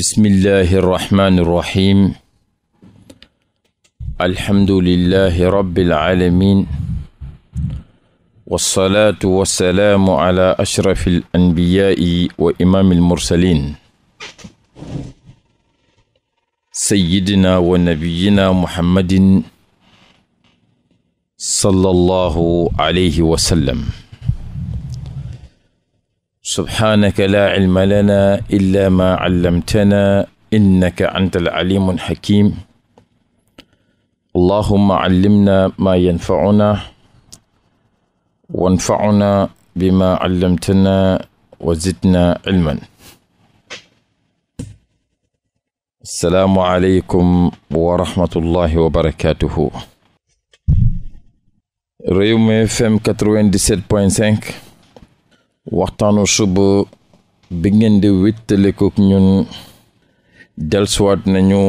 bismillahi irrahmani irrahim alhamdulillahi rabbil alamin wassalaatu wassalaamu ala ashrafi al anbiyaai wa imaami almursalin sayidina wa nabiyina muhammadin sallallahu alayhi wa sallam subhaanaka laa cilma lana illa maa callamtana innaka anta alcalimu alxakim allahuma callimna maa yanfacuna wanfacuna bimaa callamtana wa zidna cilman asalaamu aleykum wa rahmatullahi wa barakatuhu Rewmi FM 97.5 waxtaanu suba bi ngeen di wéttalikook ñun delsuwaat nañu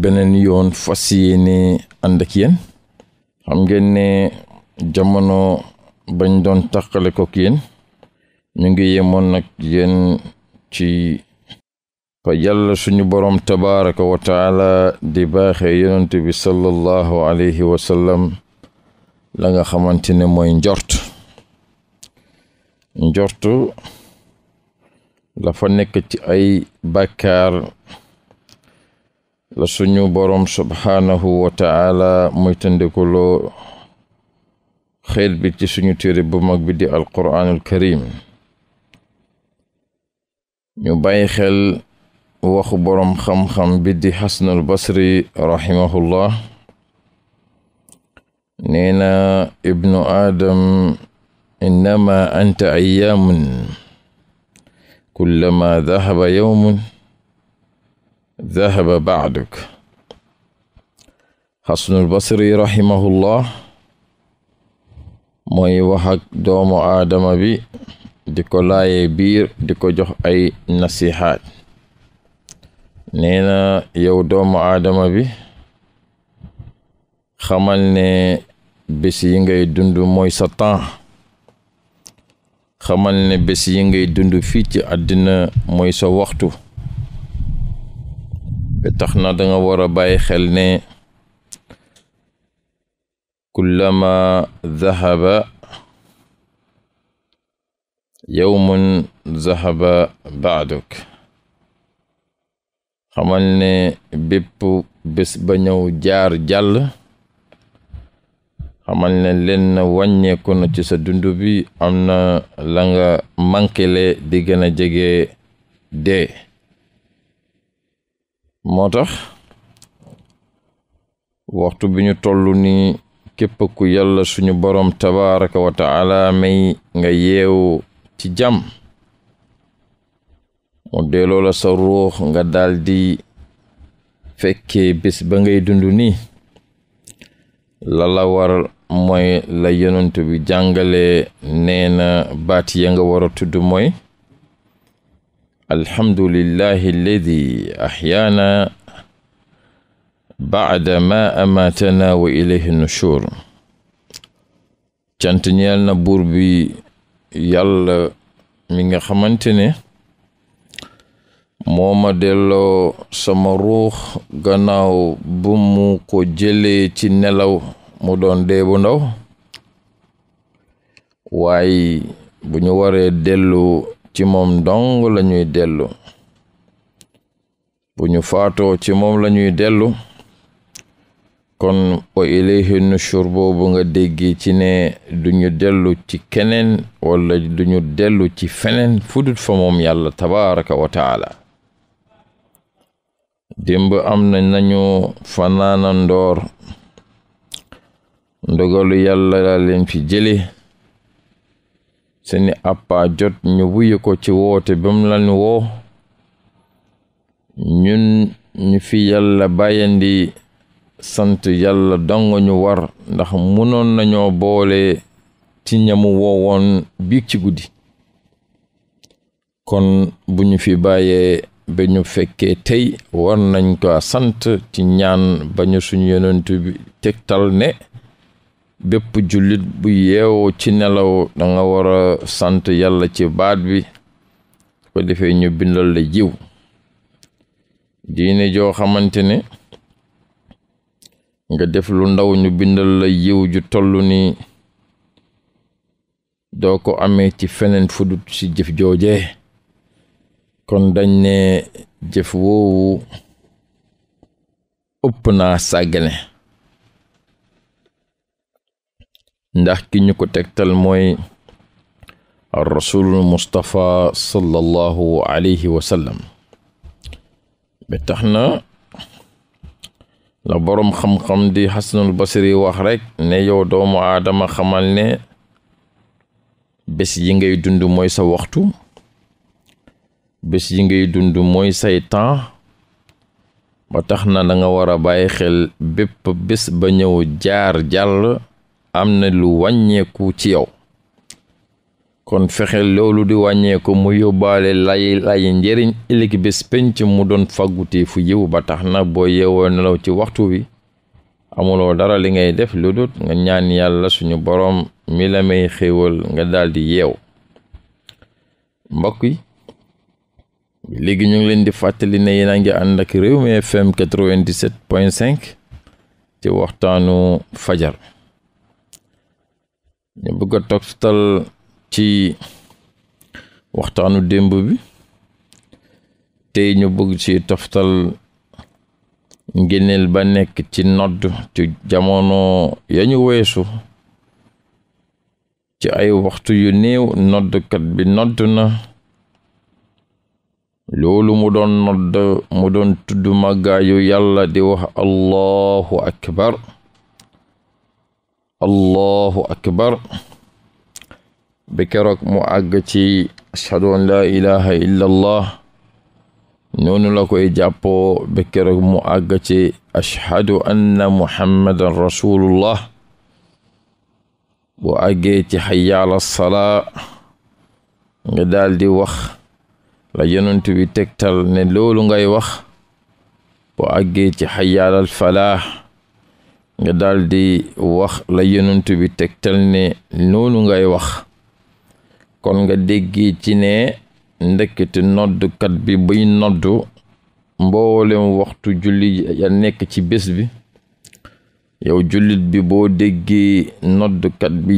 beneen yoon fas yéene ànd ak yéen xam ngeen ne jamono bañ doon tàqalikook yéen ñu ngi yemoon nag yéen ci fa yàlla suñu boroom tabaraka wa taala di baaxee yonent bi sallallahu alayhi wa la nga xamante ne mooy njort njortu la fa nekk ci ay bakkaar la suñu boroom subhaanahu wa taala muy tëndekuloo xeet suñu téere bu mag bi di alquraanul ñu bàyyi xel waxu boroom xam-xam bi di xasanul basri rahimahullah nee ibnu aadam innama anta ayyaamun kullama dahaba yawmun dahaba baaduk xasanul basri rahimahullah mooy wax ak doomu aadama bi di ko laayee biir di ko jox ay nasihaat nee na yow doomu aadama bi xamal ne bés yi ngay dund mooy sa temps xamal ne bés yi ngay dund fii ci àddina mooy sa waxtu ba tax na danga war a bàyyi xel ne kullama zahaba yowmun zahaba baaduk xamal ne bépp bés ba ñëw jaar jàll xamal ne leen wàññeeku na ci sa dund bi am na la nga mànkele di gën a jege dee moo tax waxtu bi ñu toll ni képp ku suñu boroom tabaraka wa may nga yeewu ci jàmm mu delloo sa ruux nga daldi fekkee bés ba ngay dundu nii la la war mooy la yonent bi jàngalee nee na baat ya nga war a tudd mooy alhamdulillahi alladi ahyaana baada ma amaatana wa ilayhi nushur cant ñeel na buur bi yàlla mi nga xamante moo ma delloo sama ruux gannaaw bu ko jëlee ci nelaw mu doon dee bu ndaw waaye bu ñu waree dellu ci moom dong lañuy dellu bu ñu faatoo ci moom lañuy dellu kon wa ilayhi nushur boobu nga déggee ci ne duñu dellu ci keneen wala duñu dellu ci feneen fudut fa moom yàlla tabaraka wa démb am na nañu fanaana ndoor ndogalu yàlla leen fi jële seeni appa jot ñu wuyu ko ci woote ba mu lan woo ñun ñu fi yàlla bàyyandi sant yàlla dongo ñu war ndax munoon nañoo boole ci ñamu woowoon biig ci guddi kon bu ñu fi bàyyee ba ñu fekkee tey war nañ ko sant ci ñaan ba ñu suñu yonent bi tegtal ne bépp jullit bu yeewoo ci nelaw danga war a sant yàlla ci baat bi ko defee ñu bindal la jiw diine joo xamante ne nga def lu ndaw ñu bindal la yiw ju tollu ni doo ko amee ci feneen fudut ci jëf jooje kon dañ ne jëf woowu ëpp naa sàggane ndax ki ñu ko tegtal mooy ar rasulul mustapha sallallahu alayhi wa na la boroom xam-xam di xasanul basri wax rekk ne yow doomu aadama xamal ne bés yi ngay dund mooy sa waxtu bés yi ngay dund mooy say temps ba tax na da nga war a bàyyi xel bépp bés ba ñëw jaar jàll am na lu wàññeeku ci yow kon fexeel loolu di wàññeeku mu yóbbaale lay lay njëriñ ëllëg bés penc mu doon fàggute fu yiw ba tax na boo yeewoo nelaw ci waxtu wi amuloo dara li ngay def lu dut nga ñaan yàlla suñu boroom mi la may xéewal nga daldi yeew yi léegi ñu ngi leen di fàttali na yéen a ngi ànd ak Rewmi FM 97.5 ci waxtaanu fajar ñu bëgg a togstal ci waxtaanu démb bi tey ñu bëgg ci toftal ngénneel ba nekk ci nodd ci jamono yañu weesu ci ay waxtu yu néew noddkat bi nodd na loolu mu doon nodd mu yàlla di wax allahu akbar allahu akbar bi keroog mu àgg ci ashhadu an laa ilaha illa allah noonu la koy jàppoo bi keroog mu àgg ci ashhadu anna muhammadan rasulullah bu àggee ci hayya ala salaa nga di wax la yonent tegtal ne loolu ngay wax boo àggee ci xayaalal falaa nga daldi wax la yonent tegtal ne noonu ngay wax kon nga déggee ci ne ndekkete noddukat bi buy noddu mboolem waxtu julli ya nekk ci bés bi yow jullit bi boo déggee noddukat bi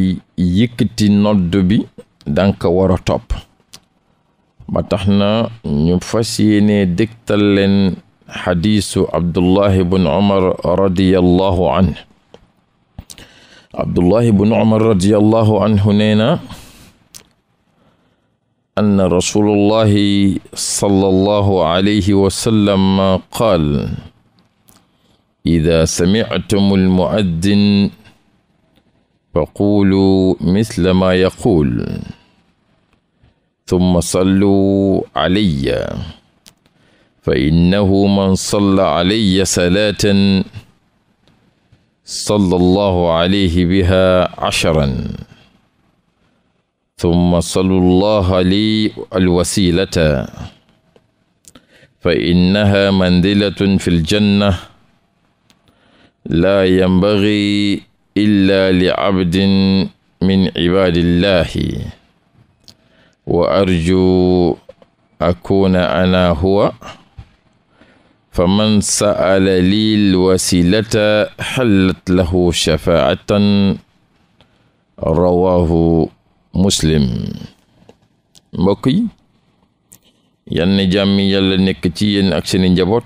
yëkkati noddu bi danga ko war a topp ba tax na ñu fas yéene dégtal leen xadiisu abdullahi bun umar radiallahu anhu abdullahi bun umar radiallahu anhu nee na anna rasulullahi sallallahu alayhi wasallam qaal ida samictum almuaddin faqulu misla ma yaqul tumma sallu alayya fa innahu man salla alayya salaatan salla allahu alayhi biha asharan tumma sallu allaha li alwasilata fa innaha mandilatun fi ljanna laa yanbagi illa li abdin min cibaadillahi wa arju akuna ana huwa fa man sa'ala lil wasilata xallat lahu shafaatan rawahu muslim mbokk yi yann jàmmi yàlla nekk ci yéen ak seeni njaboot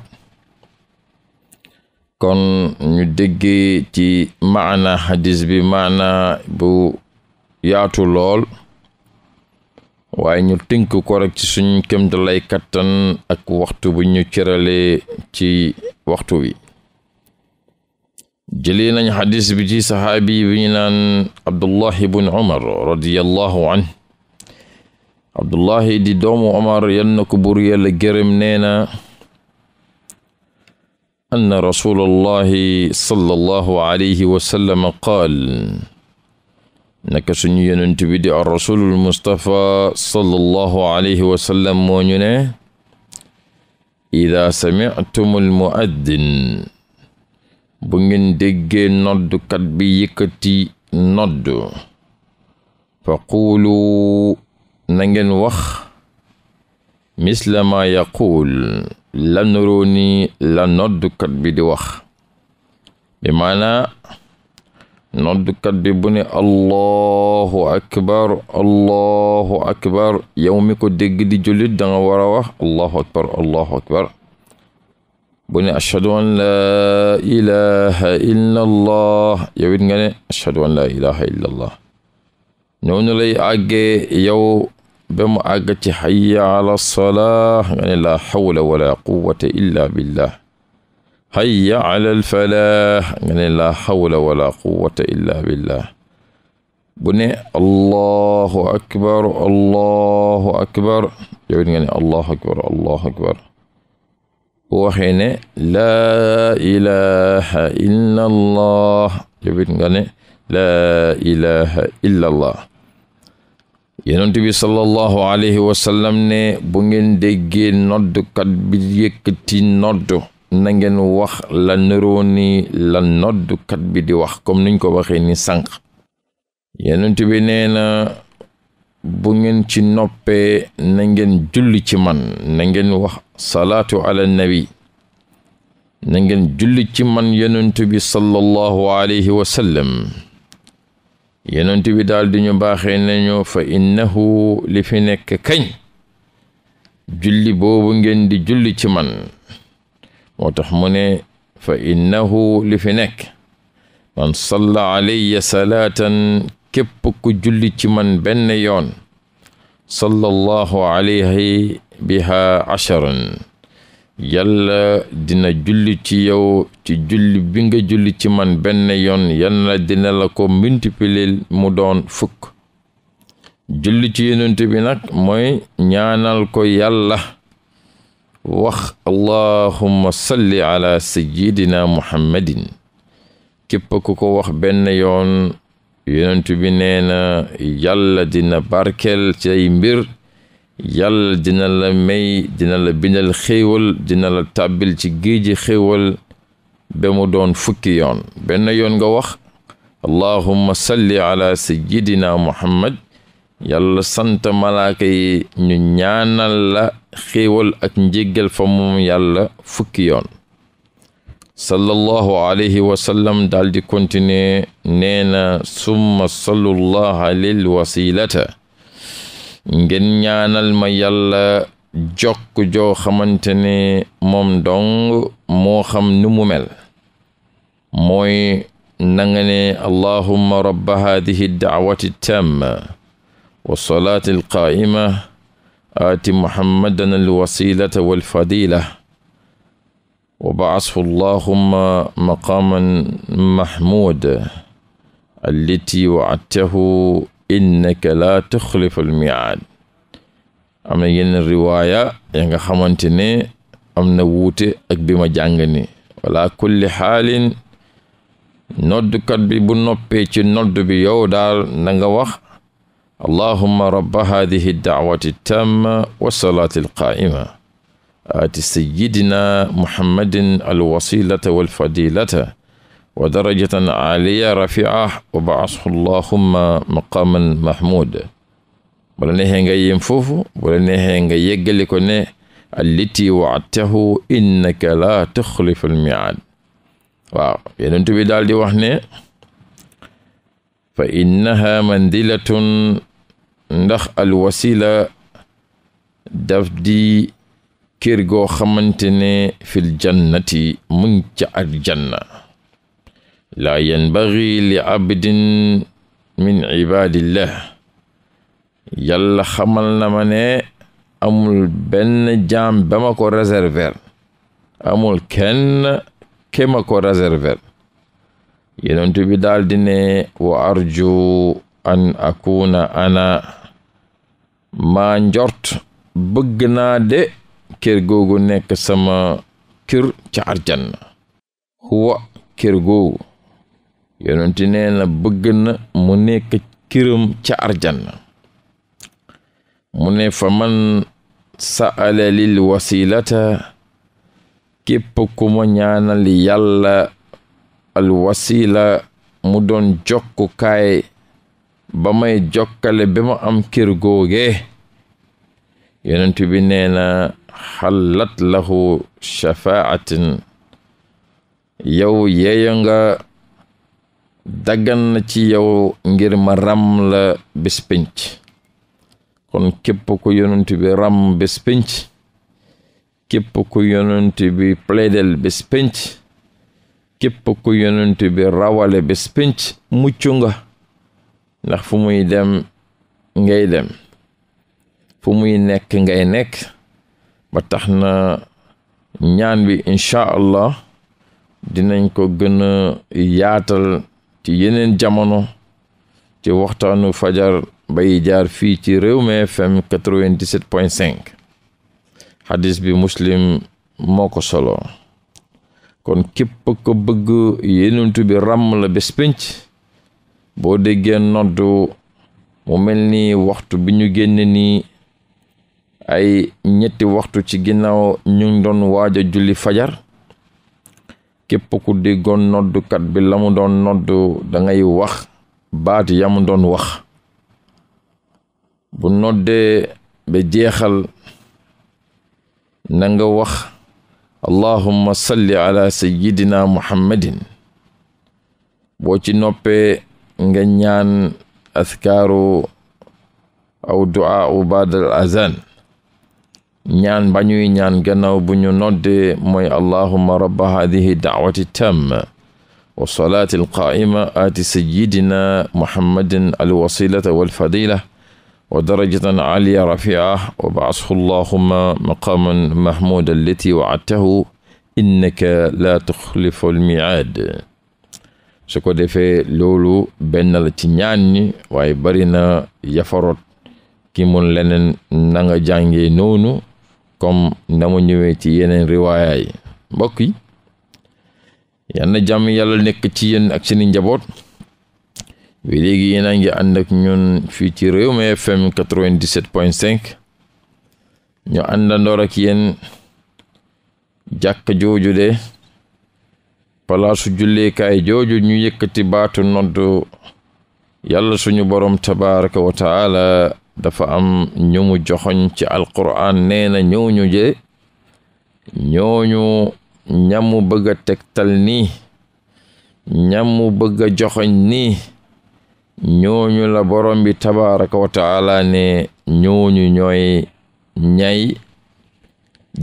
kon ñu déggee ci maana xadis bi maana bu yaatu lool waaye ñu tënk ko rek ci suñ kemtalay kattan ak waxtu bu ñu cëralee ci waxtu wi jëlee nañ xadis bi ci saxaabi bi ñu naan abdullahi bun umar radiallahu an abdullahi di doomu umar yal na ko buur yàlla gërëm nee na anna rasulallahi sallallahu qaal naka suñu yonent bi di ar rasulul mustapha sallallahu alayhi wa sallam moo ñu ne ida samictumul muaddin bu ngeen déggee noddukat bi yëkkati nodd fa quulu na ngeen wax misla ma yaquul lanuroo ni la noddukat bi di wax bi maanaa noddkat bi bu ne allahu akbar allahu akbar yow mi ko dégg di julit da nga war a wax allahu akbar allahu akbar bu ne an laa ilaha illa allah it nga ne ashhadu an laa ilaha illa allah noonu lay àggee yow ba mu àgg ci hayya ala salaa nga ne laa wala quwwata illa billah hayya ala alfalaah nga ne laa hawla wala quwata illa billah bu ne allahu akbar allahu akbar yow it nga ne allahu akbar allahu akbar bu waxee ne laa ilaha illa allah yow it nga ne laa ilaha illa allah yonent bi sallallahu alayhi wa sallam ne bu ngeen déggee noddkat bi yëkkati nodd na wax la nëroo ni la noddukat bi di wax comme niñ ko waxee ni sànq yenent bi nee na bu ngeen ci noppee na ngeen julli ci man na ngeen wax salaatu ala nabi na ngeen julli ci man yenent bi sallallahu alayhi wa sallam yenent bi daal baaxee nañu fa innahu li fi nekk kañ julli boobu ngeen di julli ci man moo tax mu ne fa innahu li fi nekk man salla alayya salaatan képp ku julli ci man benn yoon sallallahu alayhi biha asharan yàlla dina julli ci yow ci julli binga julli ci man benn yoon yàlla dina la ko multiplier mu doon fukk julli ci yonent bi nag mooy ñaanal ko yàlla wax allahumma salli ala sayyidina muhammadin képp ku ko wax benn yoon yonent bi nee na yàlla dina barkel ci ay mbir yàlla dina la may dina la bindal xéewal dina la tàbbil ci géeji xéewal ba mu doon fukki yoon benn yoon nga wax allahumma salli ala sayyidina muhammad yàlla sant malaaka yi ñu ñaanal la xéewal ak njéggal fa moom yàlla fukki yoon sallallahu alayhi wa sallam daal di continuer nee na summa salullah lil wasilata ngeen ñaanal ma yàlla jokk joo xamante ne moom dong moo xam nu mu mel mooy nanga ne allahumma rabba haadihi daawati tamma والصلاة القائمة آت محمدا الوسيلة والفضيلة وبعثه اللهم مقاما محمود التي وعدته innaka laa tuxlifu almiaad am na yenn riwaaya ya nga xamante ne am na wuute ak bi ma jàng ni wala kulli xaalin noddkat bi bu noppee ci nodd bi yow daal na nga wax allahuma rabba hadihi daawati tamma wasalaati alqaa'ima aati sayidina muhammadin alwasilata walfadilata wa darajatan aaliya rafia wa baashu allahumma maqaaman mahmud bu la neexee nga yem foofu bu la neexee nga yeggali ko ne alliti waatahu innaka laa tuxlifa almiaad waaw yonent bi daal di wax ne fa innaha mandilatun ndax alwasila daf di kër goo xamante ne fil jannati mu ngi janna laa li abdin min ibaadillah yàlla xamal na ma ne amul benn jaam ba ko réserver amul kenn ke ko réserver yonent bi daldi ne wa arju an akuna ana maa njort bëgg naa de kër nekk sama kër ca arjanna huwa kër googu yonent bëgg na mu nekk këram ca arjanna mu ne fa man sa'ala lil wasilata képp ñaanal yàlla al mu doon jokkukaay ba may jokkale ba ma am kër googe yonent bi neena na xalat lahu shafaatin yow yeeya nga daggan na ci yow ngir ma ram la bés pénc kon képp ku bi ram bés pénc képp ku yonent bi plaidel bés képp ku yonent bi rawale bés pénc mucc nga ndax fu muy dem ngay dem fu muy nekk ngay nekk ba tax na ñaan bi incha allah dinañ ko gën a yaatal ci yeneen jamono ci waxtaanu fajar bay jaar fii ci Rewmi FM 97.5 xadis bi muslim moo ko solo kon képp ko bëgg yenentu bi ràmm la bés pénc boo déggee noddu mu mel ni waxtu bi ñu génnee nii ay ñetti waxtu ci ginnaaw ñu ngi doon waaj a julli fajar képp ku déggoon noddukat bi la mu doon noddu dangay wax baat ya mu doon wax bu noddee ba jeexal na nga wax allahumma salli ala sayyidina muhammadin boo ci noppee nga ñaan askaaru aw du'a u baadal azan ñaan ba ñuy ñaan gannaaw bu ñu nodde mooy allahumma rabba hadihi daawati tamma wa salaati alqaa'ima aati sayyidina muhammadin alwasilata walfadila wa darajatan aaliya rafia wa baashu allahuma maqaaman mahmuda allati waadtahu innaka laa tuxlifu almiaad su ko defee loolu benn la ci ñaan ñi waaye bari na yafaroot ki mun leneen nanga nga jàngee noonu comme na mu ñëwee ci yeneen riwaayaay mbokk yi yann jàmm yàlla nekk ci yéen ak seeni njaboot bi léegi yéen a ngi ànd ñun fii ci Rewmi FM 97.5 ñu àndandoor ak yéen jàkk jooju de palaasu julleekaay jooju ñu yëkkati baatu nodd yàlla suñu borom tabaraka wa dafa am ñu joxoñ ci alquran nee na ñooñu je ñooñu ñamu bëgg a tegtal nii ñamu bëgg joxoñ nii ñooñu la borom bi tabaraka wa taala ne ñooñu ñooy ñay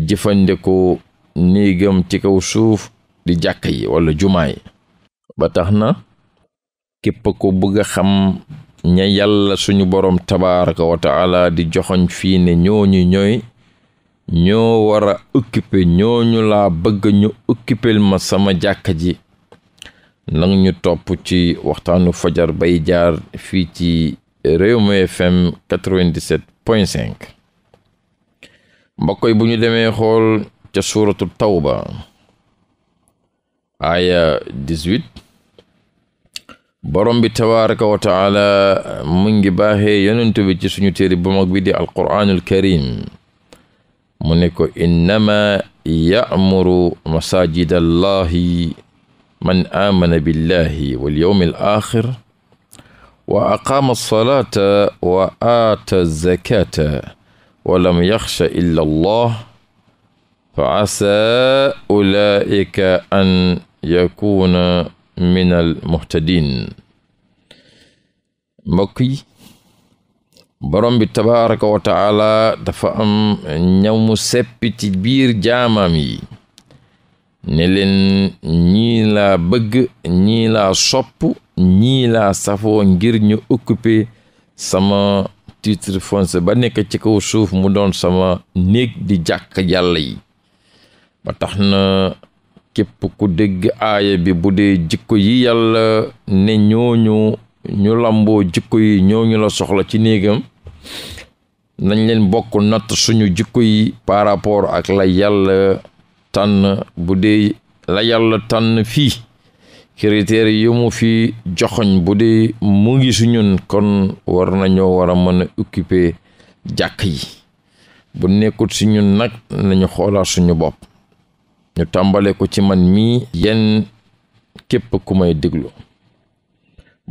jëfandikoo néegam ci kaw suuf di jàkk yi wala jumaa ba tax na képp ko bëgg a xam ña yàlla suñu borom tabaraka wa di joxoñ fii ne ñooñu ñooy ñoo war a occuper ñooñu laa bëgg ma sama jàkk ji nang ñu topp ci waxtaanu fajar bay jaar fii ci Rewmi FM 97 point 5 mbokk yi bu ñu demee xool ca suuratu tawba aaya 18 borom bi tabaraka wa taala mu ngi baaxee yonent bi ci suñu téere bu mag bi di mu ne ko innama ya'muru masajida allahi man aamana billahi wal yawmi al axir wa aqaama alsalata wa aata zakata wa lam yaxsha illa allah fa asaa ulaika an yakuuna min al muhtadin mbokk yi borom bi tabaraka wa taala dafa am ñaw mu seppi ci biir jaamaam yi ne leen ñii laa bëgg ñii laa sopp ñii laa safoo ngir ñu occuper sama titre foncier ba nekk ci kaw suuf mu doon sama néeg di jàkk yàlla yi ba tax na képp ku dégg aaya bi bu dee jikko yi yàlla ne ñooñu ñu lamboo jikko yi ñooñu la soxla ci néegam nañ leen bokk natt suñu jikko yi par rapport ak la yàlla tànn bu dee la yàlla tànn fii critères yi mu fi joxoñ bu dee mu ngi su ñun kon war nañoo war a mën a occuper jàkk yi bu nekkut su ñun nag nañu xoolaat suñu bopp ñu tàmbale ko ci man mii yenn képp ku may déglu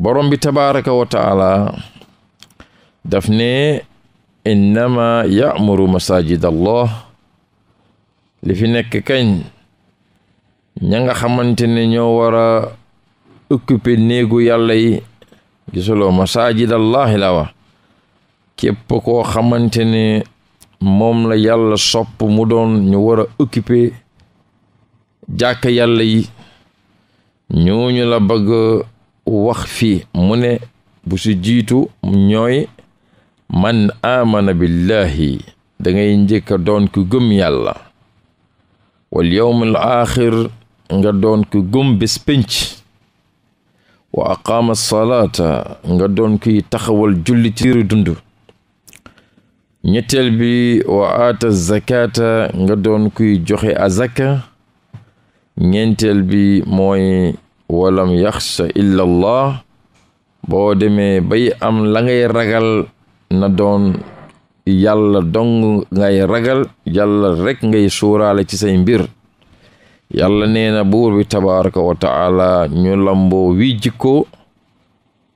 borom bi tabaraka wa taala daf ne innama ya'muru masajid allah li fi nekk kañ ña nga xamante ne ñoo war a occuper néegu yàlla yi gisuloo masaajid allaahi la wa képp koo xamante ne moom la yàlla sopp mu doon ñu war a occuper jàkk yàlla yi ñooñu la bëgg wax fii mu ne bu si jiitu ñooy man aamana billahi da ngay njëkk a doon ku gëm yàlla wal yowmal aaxir nga doon ku gëm bés wa aqaama salaata nga doon kuy taxawal julli tiiru dund ñetteel bi wa aata zakata nga doon kuy joxe azaka ñeenteel bi mooy walam yaxsha illa allah boo demee bay am la ngay ragal na doon yàlla dong ngay ragal yàlla rek ngay suuraale ci say mbir yàlla nee na buur bi wa taala ñu lamboo wi jikko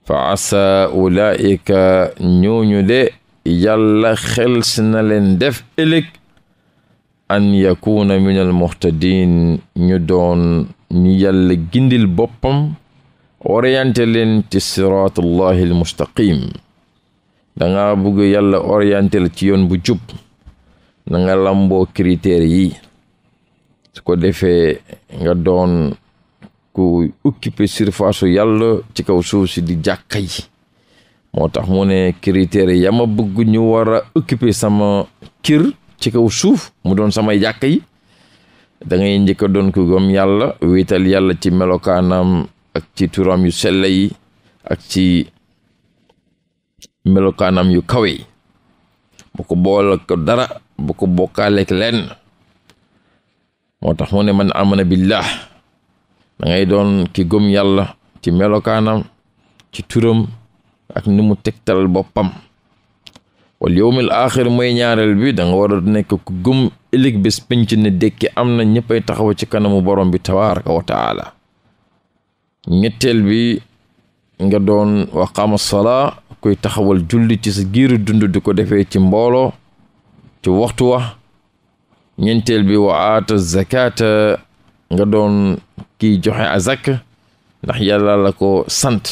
fa asa ulaika ñooñu de yàlla xel si na def ëllëg an yakuuna min al ñu doon ñu yàlla gindil boppam orienté leen ci siratullahi al danga bëgg yàlla orienté ci yoon bu jub na nga làmboo critères yi su ko defee nga doon ku occupé surface su yàlla ci kaw suuf si di jàkka yi moo tax mu ne critères yi yama bëgg ñu war a occupé sama kër ci kaw suuf mu doon samay jàkk yi dangay njëkk a doon ku gëm yàlla wéetal yàlla ci melokaanam ak ci turam yu sell yi ak ci melokaanam yu kawe bu ko boole ko dara bu ko bokkaaleek lenn moo tax mu ne man amana billah da dangay doon ki gëm yàlla ci melokaanam ci turam ak ni mu tegtal boppam wal yowmil axir mooy ñaareel bi da nga war nekk ku gëm ëllëg bés penc ne dékki am na ñëppay taxaw ci kanamu borom bi tabaraka wa taala ñetteel bi nga doon waqaama salaa kuy taxawal julli ci sa giiru dund di ko defee ci mbooloo ci waxtu wa ñeenteel bi wa aata nga doon kiy joxe azak ndax yàlla la ko sant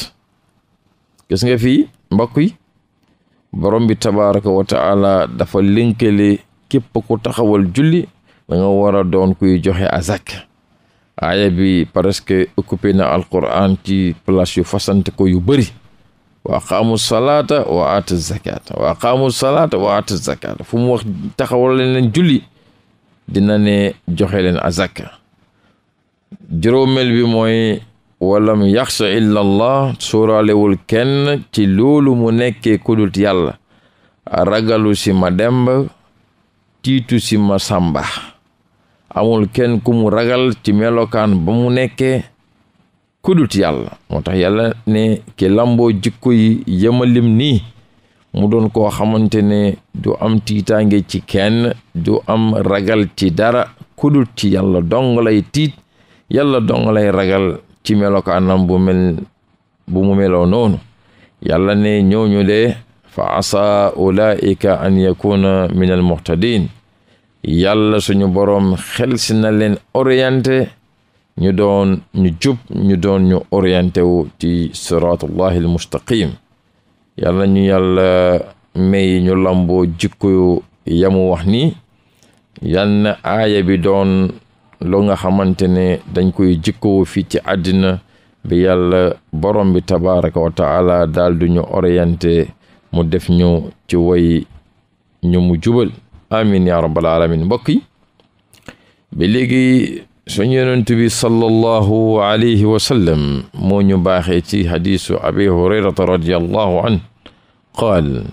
gis nga fii mbokk yi borom bi tabaraka wa dafa lënkale képp ko taxawal julli da nga war a doon kuy joxe azak aaya bi presque occupé na alquran ci place yu fasante ko yu bari wa aqaamu salaata wa aatu zakaata wa aqaamu salaata wa aatu zakaata fu mu wax taxawal leen leen julli dina ne joxe leen azaka juróomeel bi mooy walam yaxsha illa allah suuraalewul kenn ci loolu mu nekkee kudut yàlla ragalu si ma demb tiitu si ma sàmba amul kenn ku mu ragal ci melokaan ba mu nekkee kudut yàlla moo tax yàlla ne ki lamboo jikko yi yemalim nii mu doon koo xamante ne du am tiitaange ci kenn ju am ragal ci dara kudut ci yàlla dong lay tiit yàlla dong lay ragal ci melokaanam bu mel bu mu noonu yàlla ne ñooñu de fa asa ulaika an yakuna min muhtadin yàlla suñu boroom xel si na ñu doon ñu jub ñu doon ñu orienté wu ci siratullahi al mustaqim yàlla ñu yàlla may ñu lamboo jikko yamu wax ni yal na aaya bi doon loo nga xamante ne dañ koy jikkowu fii ci àddina bi yàlla borom bi tabaraka wa taala ñu orienté mu def ñu ci woy ñu mu jubal amin ya rabbal alamin mbokk yi léegi suñu yonent bi sallallahu alayhi wa sallam moo ñu baaxee ci hadisu abi hurayrata radiyallahu an qaal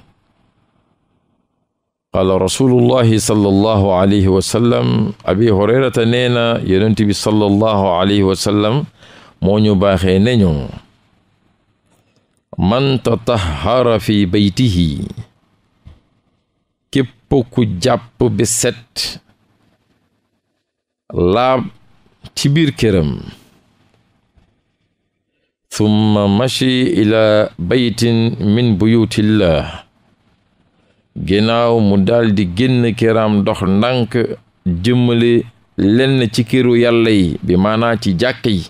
qaala rasulullahi sallallahu alayhi wa sallam abi hurayrata nee na yonent bi sallallahu alayhi wa sallam moo ñu baaxee ne ñu man tatahara fi baytihi képp ku jàpp bi set laab ci biir këram summa mashi ila baytin min buyutillah ginnaaw mu daldi génn këram dox ndànk jëmmale lenn ci këru yàlla bi maanaa ci jàkk yi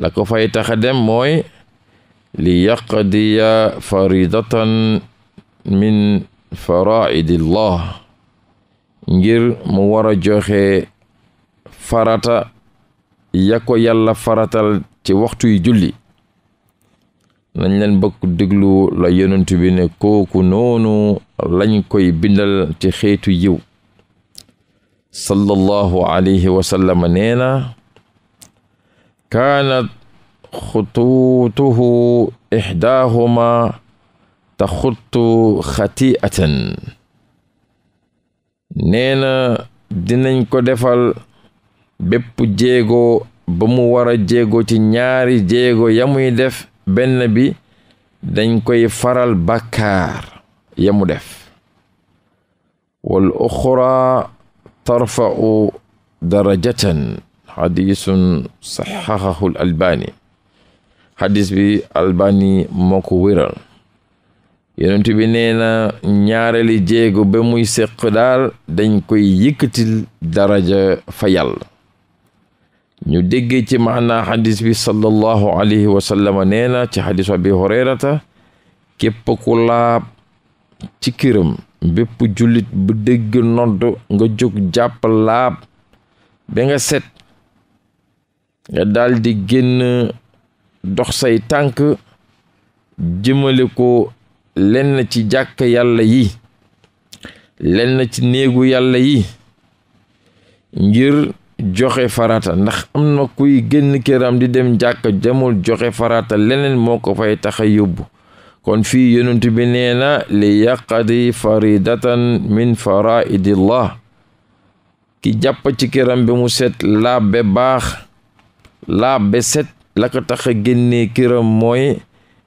la ko fay taxa dem mooy li yaqdiya faridatan min faraidillah ngir mu war a joxe farata ya ko yàlla faratal ci waxtuy julli nañ leen bokk déglu la yonent bi ne kooku noonu lañ koy bindal ci xeetu yiw sallallahu alayhi wa sallam na kaanat xutuutuhu ixdaahuma taxuttu xati'atan nee na dinañ ko defal bépp jéego ba mu war a jéego ci ñaari jéego yamuy def benn bi dañ koy faral bàkkaar yamu def wal uxra tarfa'u darajatan xadisun saxaxahul albani xadis bi albani moo ko wéral yonent bi neena na jéego ba muy séq daal dañ koy yëkkatil daraja fa yàlla ñu déggee ci maanaa xadis bi sallallahu alayhi wa sallam nee na ci xadis abi horeirata képp ku laab ci këram bépp jullit bu dégg nodd nga jóg jàpp laab ba nga set nga daldi génn dox say tànk jëmale ko lenn ci jàkk yàlla yi lenn ci néegu yàlla yi ngir joxe farata ndax am na kuy génn këram di dem jàkk jamul joxe farata leneen moo ko fay tax yóbbu kon fii yonent bi nee na li yaqadi faridatan min faraidillah ki jàpp ci këram bi mu set laab be baax laab be set la tax a këram mooy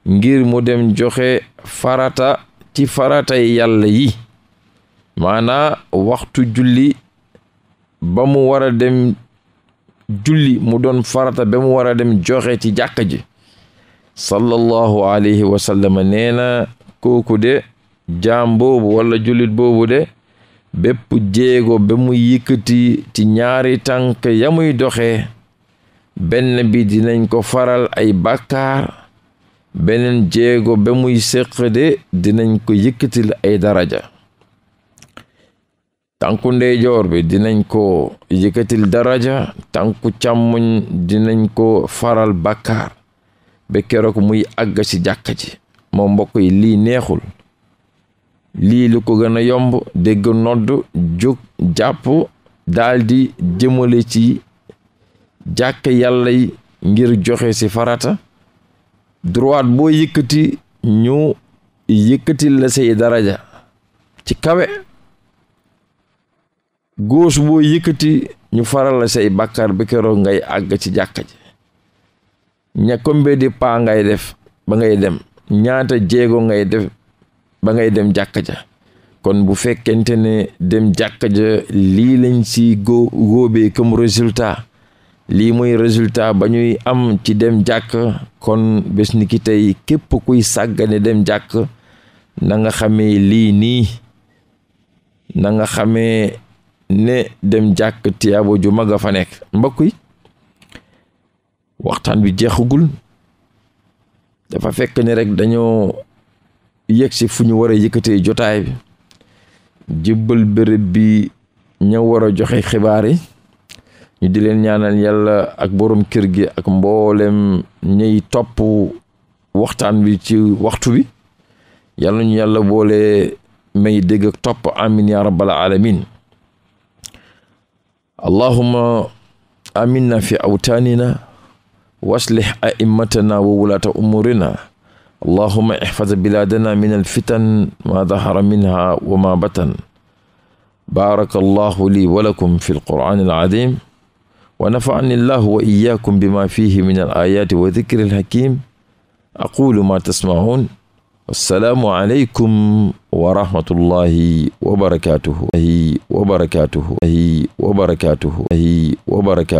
ngir mu dem joxe farata ci farata yàlla yi maanaa waxtu julli ba mu war dem julli mu doon farata ba mu war a dem joxe ci jàkka ji sallallahu alayhi wa sallam nee na kooku de jaam boobu wala jullit boobu de bépp jéego ba mu yëkkati ci ñaari tànk ya muy doxee benn bi dinañ ko faral ay bàkkaar beneen jéego ba muy séq de dinañ ko yëkkatil ay daraja tànku ndeyjoor bi dinañ ko yëkkatil daraja tànku càmmoñ dinañ ko faral bàkkaar ba keroog muy àgg ci jàkka ci moo mbokk yi lii neexul lii lu ko gën a yomb dégg nodd jóg jàpp daldi jëmale ci jàkk yàlla yi ngir joxe ci farata droite boo yëkkati ñu yëkkati la say daraja ci kawe góos boo yëkkati ñu farala la say bàkkaar bi keroog ngay àgg ci jàkka ji ña kombe di paa ngay def ba ngay dem ñaata jéego ngay def ba ngay dem jàkka ja kon bu fekkente ne dem jàkka ja lii lañ si gó góobee comme résultat lii mooy résultat ba ñuy am ci dem jàkk kon bés ni képp kuy sàggane dem jàkk nanga nga xamee lii nii na nga xamee ne dem jàkk tiyaabo ju mag a fa nekk mbokk yi waxtaan bi jeexagul dafa fekk ni rek dañoo yegg ci fu ñu war a yëkkatee jotaay bi jébbal bërëb bi ña war a joxe xibaar yi ñu di leen ñaanal yàlla ak borom kër gi ak mboolem ñiy topp waxtaan bi ci waxtu bi yàlla ñu yàlla boole may dégg topp amin ya rabbal alamin allahuma aminna fi awtaanina wa aslih a'immatana wa wulaata umurina allahuma ihfaz bilaadana min alfitan ma dahara minha wa ma batan baaraka allahu lii wa lakum fi alqur'ani alazim wa nafa'ani allahu wa iyyakum bima fihi min alayaati wa dhikri alhakim aqulu ma tasma'un asalaamualeykum wa rahmatullahi wa barakaatuhu. wa barakaatuhu. wa barakaatuhu. wa barakaatuhu.